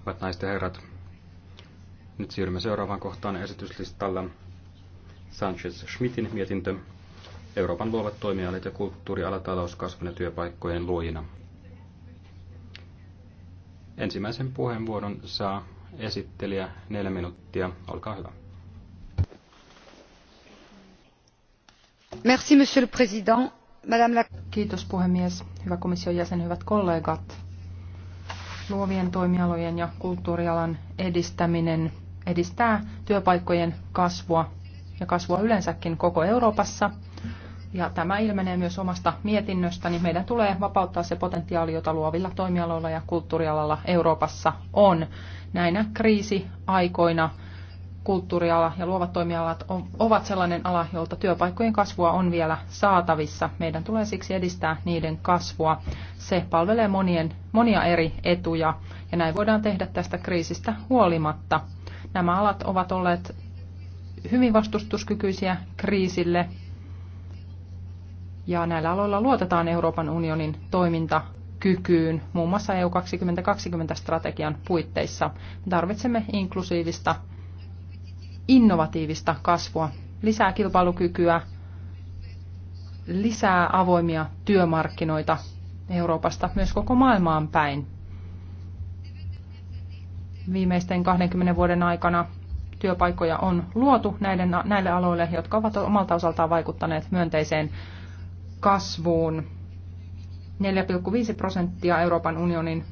hyvät naiset ja herrat. Nyt siirrymme seuraavaan kohtaan esityslistalla. Sanchez-Schmidtin mietintö. Euroopan luovat toimialat ja kulttuuriala talouskasvun ja työpaikkojen luojina. Ensimmäisen puheenvuoron saa esittelijä neljä minuuttia. Olkaa hyvä. Merci, monsieur le président. Madame la... Kiitos puhemies, hyvä komission jäsen, hyvät kollegat luovien toimialojen ja kulttuurialan edistäminen edistää työpaikkojen kasvua ja kasvua yleensäkin koko Euroopassa. Ja tämä ilmenee myös omasta mietinnöstäni. Niin meidän tulee vapauttaa se potentiaali, jota luovilla toimialoilla ja kulttuurialalla Euroopassa on. Näinä kriisiaikoina aikoina kulttuuriala ja luovat toimialat ovat sellainen ala, jolta työpaikkojen kasvua on vielä saatavissa. Meidän tulee siksi edistää niiden kasvua. Se palvelee monien, monia eri etuja ja näin voidaan tehdä tästä kriisistä huolimatta. Nämä alat ovat olleet hyvin vastustuskykyisiä kriisille ja näillä aloilla luotetaan Euroopan unionin toiminta kykyyn, muun muassa EU 2020-strategian puitteissa. Me tarvitsemme inklusiivista innovatiivista kasvua, lisää kilpailukykyä, lisää avoimia työmarkkinoita Euroopasta myös koko maailmaan päin. Viimeisten 20 vuoden aikana työpaikkoja on luotu näille aloille, jotka ovat omalta osaltaan vaikuttaneet myönteiseen kasvuun 4,5 prosenttia Euroopan unionin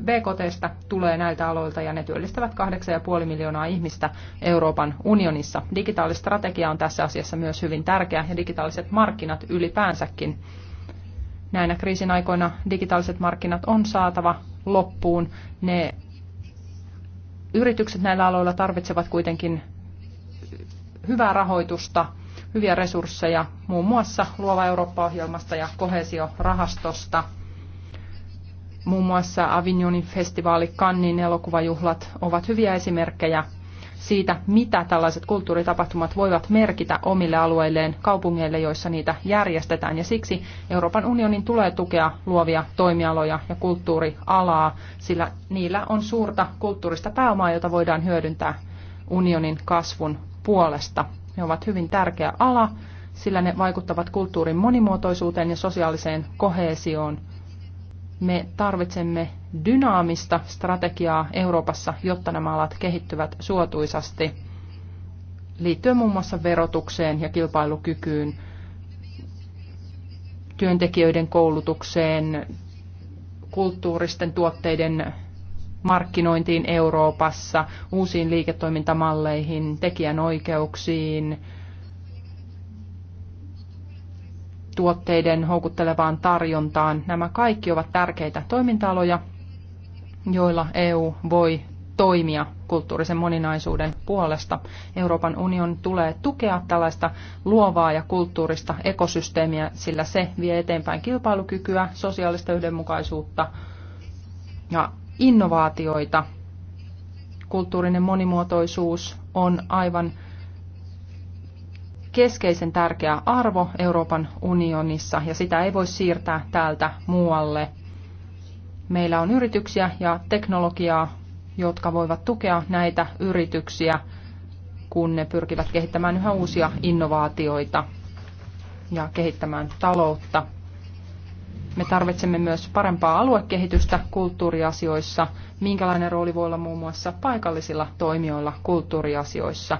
BKT tulee näiltä aloilta ja ne työllistävät 8,5 miljoonaa ihmistä Euroopan unionissa. Digitaalistrategia on tässä asiassa myös hyvin tärkeä ja digitaaliset markkinat ylipäänsäkin. Näinä kriisin aikoina digitaaliset markkinat on saatava loppuun. Ne yritykset näillä aloilla tarvitsevat kuitenkin hyvää rahoitusta – hyviä resursseja muun muassa Luova Eurooppa-ohjelmasta ja kohesiorahastosta. Muun muassa Avignonin festivaali Kannin elokuvajuhlat ovat hyviä esimerkkejä siitä, mitä tällaiset kulttuuritapahtumat voivat merkitä omille alueilleen, kaupungeille, joissa niitä järjestetään. Ja siksi Euroopan unionin tulee tukea luovia toimialoja ja kulttuurialaa, sillä niillä on suurta kulttuurista pääomaa, jota voidaan hyödyntää unionin kasvun puolesta. Ne ovat hyvin tärkeä ala, sillä ne vaikuttavat kulttuurin monimuotoisuuteen ja sosiaaliseen kohesioon. Me tarvitsemme dynaamista strategiaa Euroopassa, jotta nämä alat kehittyvät suotuisasti liittyen muun muassa verotukseen ja kilpailukykyyn, työntekijöiden koulutukseen, kulttuuristen tuotteiden markkinointiin Euroopassa, uusiin liiketoimintamalleihin, tekijänoikeuksiin, tuotteiden houkuttelevaan tarjontaan. Nämä kaikki ovat tärkeitä toiminta-aloja, joilla EU voi toimia kulttuurisen moninaisuuden puolesta. Euroopan union tulee tukea tällaista luovaa ja kulttuurista ekosysteemiä, sillä se vie eteenpäin kilpailukykyä, sosiaalista yhdenmukaisuutta ja innovaatioita. Kulttuurinen monimuotoisuus on aivan keskeisen tärkeä arvo Euroopan unionissa ja sitä ei voi siirtää täältä muualle. Meillä on yrityksiä ja teknologiaa, jotka voivat tukea näitä yrityksiä, kun ne pyrkivät kehittämään yhä uusia innovaatioita ja kehittämään taloutta. Me tarvitsemme myös parempaa aluekehitystä kulttuuriasioissa, minkälainen rooli voi olla muun muassa paikallisilla toimijoilla kulttuuriasioissa.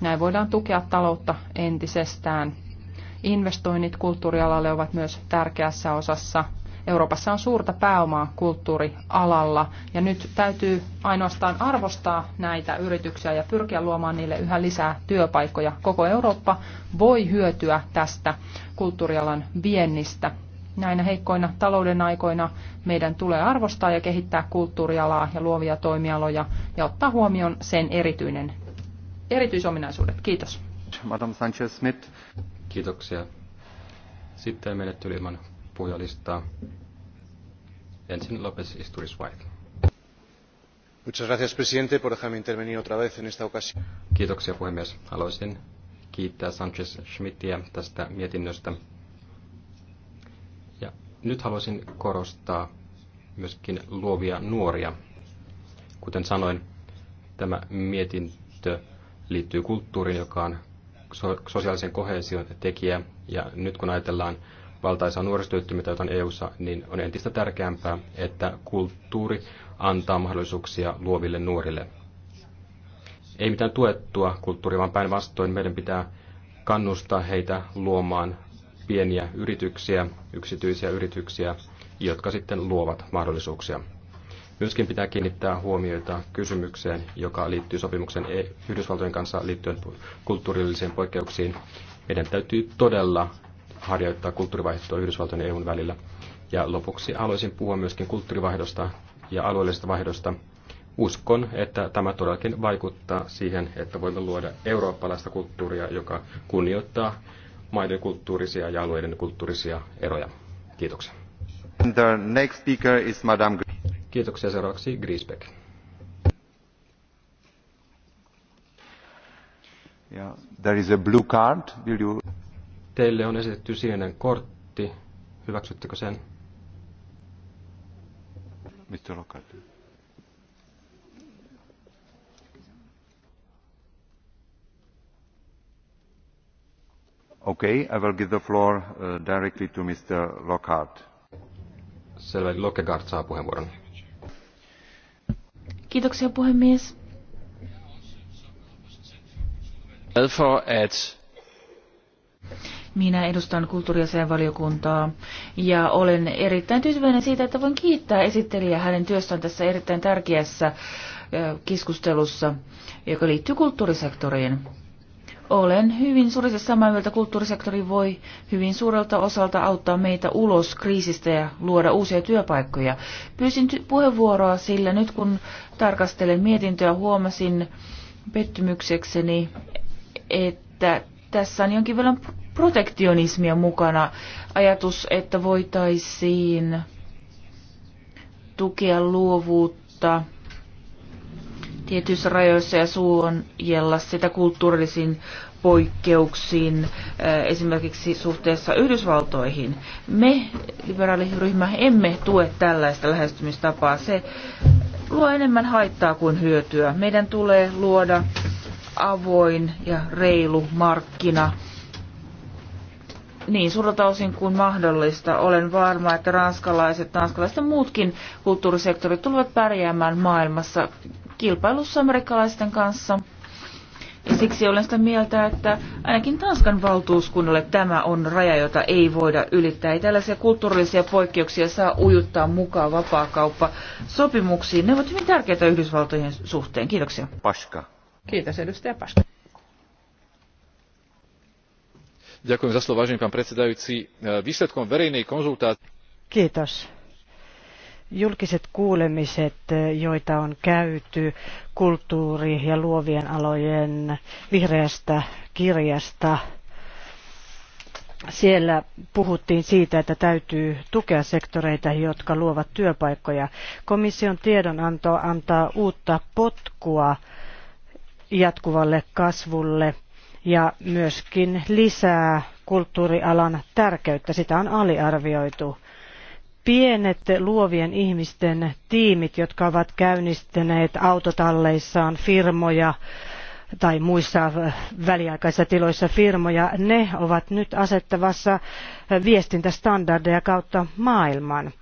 Näin voidaan tukea taloutta entisestään. Investoinnit kulttuurialalle ovat myös tärkeässä osassa. Euroopassa on suurta pääomaa kulttuurialalla ja nyt täytyy ainoastaan arvostaa näitä yrityksiä ja pyrkiä luomaan niille yhä lisää työpaikkoja. Koko Eurooppa voi hyötyä tästä kulttuurialan viennistä Näinä heikkoina talouden aikoina meidän tulee arvostaa ja kehittää kulttuurialaa ja luovia toimialoja ja ottaa huomioon sen erityinen, erityisominaisuudet. Kiitos. Madame Sanchez Smith. Kiitoksia. Sitten menet ylimmän puhujalistaa. Ensin López Isturis White. Muchas gracias, presidente, por dejarme intervenir otra vez en esta ocasión. Kiitoksia, puhemies. Haluaisin kiittää Sanchez Schmidtia tästä mietinnöstä. Nyt haluaisin korostaa myöskin luovia nuoria. Kuten sanoin, tämä mietintö liittyy kulttuuriin, joka on sosiaalisen kohesion tekijä. Ja nyt kun ajatellaan valtaisaa nuorisotyöttömyyttä, jota on eu niin on entistä tärkeämpää, että kulttuuri antaa mahdollisuuksia luoville nuorille. Ei mitään tuettua kulttuuria, vaan päinvastoin meidän pitää kannustaa heitä luomaan pieniä yrityksiä, yksityisiä yrityksiä, jotka sitten luovat mahdollisuuksia. Myöskin pitää kiinnittää huomioita kysymykseen, joka liittyy sopimuksen e- Yhdysvaltojen kanssa liittyen kulttuurillisiin poikkeuksiin. Meidän täytyy todella harjoittaa kulttuurivaihtoa Yhdysvaltojen ja EUn välillä. Ja lopuksi haluaisin puhua myöskin kulttuurivaihdosta ja alueellisesta vaihdosta. Uskon, että tämä todellakin vaikuttaa siihen, että voimme luoda eurooppalaista kulttuuria, joka kunnioittaa maiden kulttuurisia ja alueiden kulttuurisia eroja. Kiitoksia. The next speaker is Madame... Kiitoksia seuraavaksi Griesbeck. Yeah. There is a blue card. Will you... Teille on esitetty sininen kortti. Hyväksyttekö sen? Mr. Lockhart. Okay, uh, Lockhart. puhemies. minä edustan kulttuuriasiainvaliokuntaa valiokuntaa ja olen erittäin tyytyväinen siitä, että voin kiittää esittelijää hänen työstään tässä erittäin tärkeässä keskustelussa, joka liittyy kulttuurisektoriin. Olen hyvin suuresti samaa mieltä, kulttuurisektori voi hyvin suurelta osalta auttaa meitä ulos kriisistä ja luoda uusia työpaikkoja. Pyysin ty- puheenvuoroa, sillä nyt kun tarkastelen mietintöä, huomasin pettymyksekseni, että tässä on jonkin verran protektionismia mukana. Ajatus, että voitaisiin tukea luovuutta tietyissä rajoissa ja suojella sitä kulttuurillisiin poikkeuksiin, äh, esimerkiksi suhteessa Yhdysvaltoihin. Me, liberaaliryhmä, emme tue tällaista lähestymistapaa. Se luo enemmän haittaa kuin hyötyä. Meidän tulee luoda avoin ja reilu markkina niin suurelta osin kuin mahdollista. Olen varma, että ranskalaiset, ranskalaiset ja muutkin kulttuurisektorit tulevat pärjäämään maailmassa, kilpailussa amerikkalaisten kanssa. Ja siksi olen sitä mieltä, että ainakin Tanskan valtuuskunnalle tämä on raja, jota ei voida ylittää. Ei tällaisia kulttuurillisia poikkeuksia saa ujuttaa mukaan kauppa sopimuksiin. Ne ovat hyvin tärkeitä Yhdysvaltojen suhteen. Kiitoksia. Paska. Kiitos edustaja Paska. Ďakujem za slovo, vážený pán predsedajúci. Výsledkom verejnej konzultácie... Kiitos Julkiset kuulemiset, joita on käyty kulttuuri- ja luovien alojen vihreästä kirjasta, siellä puhuttiin siitä, että täytyy tukea sektoreita, jotka luovat työpaikkoja. Komission tiedonanto antaa uutta potkua jatkuvalle kasvulle ja myöskin lisää kulttuurialan tärkeyttä. Sitä on aliarvioitu pienet luovien ihmisten tiimit, jotka ovat käynnistäneet autotalleissaan firmoja tai muissa äh, väliaikaisissa tiloissa firmoja, ne ovat nyt asettavassa viestintästandardeja kautta maailman.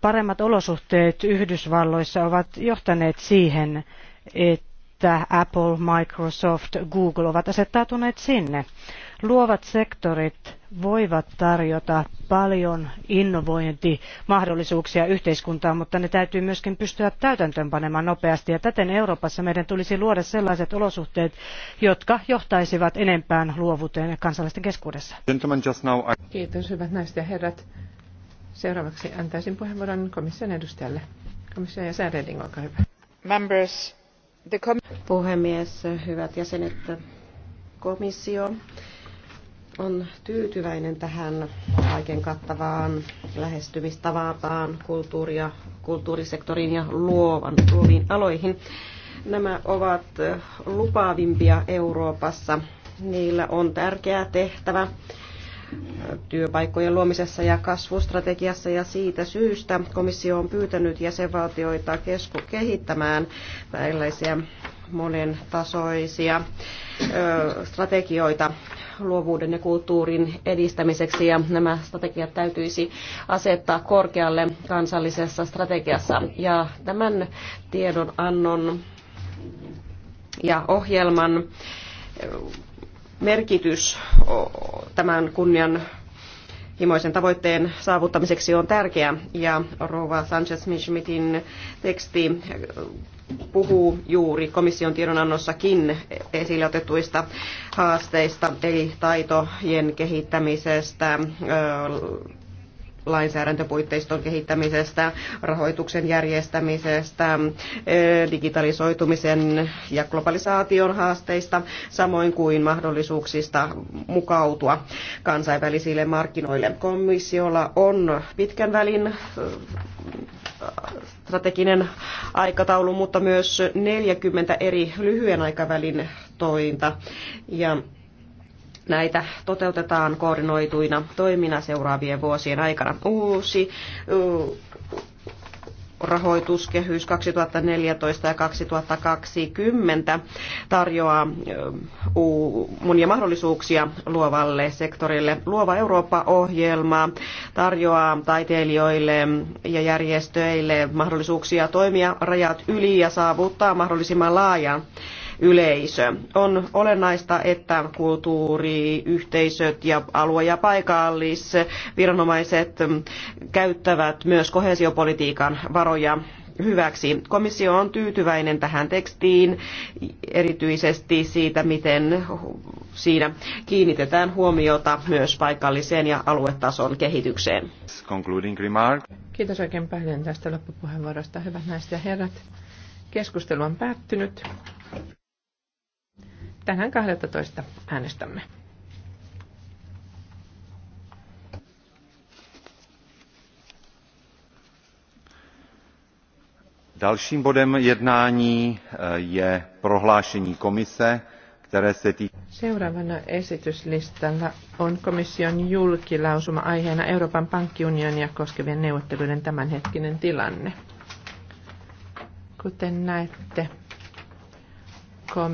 Paremmat olosuhteet Yhdysvalloissa ovat johtaneet siihen, että Apple, Microsoft, Google ovat asettautuneet sinne. Luovat sektorit voivat tarjota paljon innovointimahdollisuuksia yhteiskuntaan, mutta ne täytyy myöskin pystyä täytäntöönpanemaan nopeasti. Ja täten Euroopassa meidän tulisi luoda sellaiset olosuhteet, jotka johtaisivat enempään luovuuteen kansalaisten keskuudessa. Kiitos, hyvät naiset ja herrat. Seuraavaksi antaisin puheenvuoron komission edustajalle. Komissio ja Reding, olkaa hyvä. Members, the Puhemies, hyvät jäsenet, komissio on tyytyväinen tähän kaiken kattavaan kulttuuri- kulttuuria, kulttuurisektorin ja luovan, luoviin aloihin. Nämä ovat lupaavimpia Euroopassa. Niillä on tärkeä tehtävä työpaikkojen luomisessa ja kasvustrategiassa ja siitä syystä komissio on pyytänyt jäsenvaltioita kesku kehittämään tällaisia monen tasoisia strategioita luovuuden ja kulttuurin edistämiseksi ja nämä strategiat täytyisi asettaa korkealle kansallisessa strategiassa. Ja tämän tiedonannon ja ohjelman merkitys tämän kunnian himoisen tavoitteen saavuttamiseksi on tärkeä. Ja Rova sanchez mishmitin teksti äh, puhuu juuri komission tiedonannossakin esille otetuista haasteista, eli taitojen kehittämisestä, äh, lainsäädäntöpuitteiston kehittämisestä, rahoituksen järjestämisestä, eh, digitalisoitumisen ja globalisaation haasteista, samoin kuin mahdollisuuksista mukautua kansainvälisille markkinoille. Komissiolla on pitkän välin eh, strateginen aikataulu, mutta myös 40 eri lyhyen aikavälin tointa. Ja Näitä toteutetaan koordinoituina toimina seuraavien vuosien aikana. Uusi uh, rahoituskehys 2014 ja 2020 tarjoaa uh, monia mahdollisuuksia luovalle sektorille. Luova Eurooppa-ohjelma tarjoaa taiteilijoille ja järjestöille mahdollisuuksia toimia rajat yli ja saavuttaa mahdollisimman laajan yleisö. On olennaista, että kulttuuriyhteisöt ja alue- ja paikallisviranomaiset käyttävät myös kohesiopolitiikan varoja hyväksi. Komissio on tyytyväinen tähän tekstiin, erityisesti siitä, miten siinä kiinnitetään huomiota myös paikalliseen ja aluetason kehitykseen. Concluding remark. Kiitos oikein päivän tästä loppupuheenvuorosta, hyvät naiset ja herrat. Keskustelu on päättynyt tänään 12 äänestämme. Dalším bodem jednání eh, je prohlášení komise, které se týká... Seuraavana esityslistalla on komission julkilausuma aiheena Euroopan pankkiunionia koskevien neuvotteluiden tämänhetkinen tilanne. Kuten näette,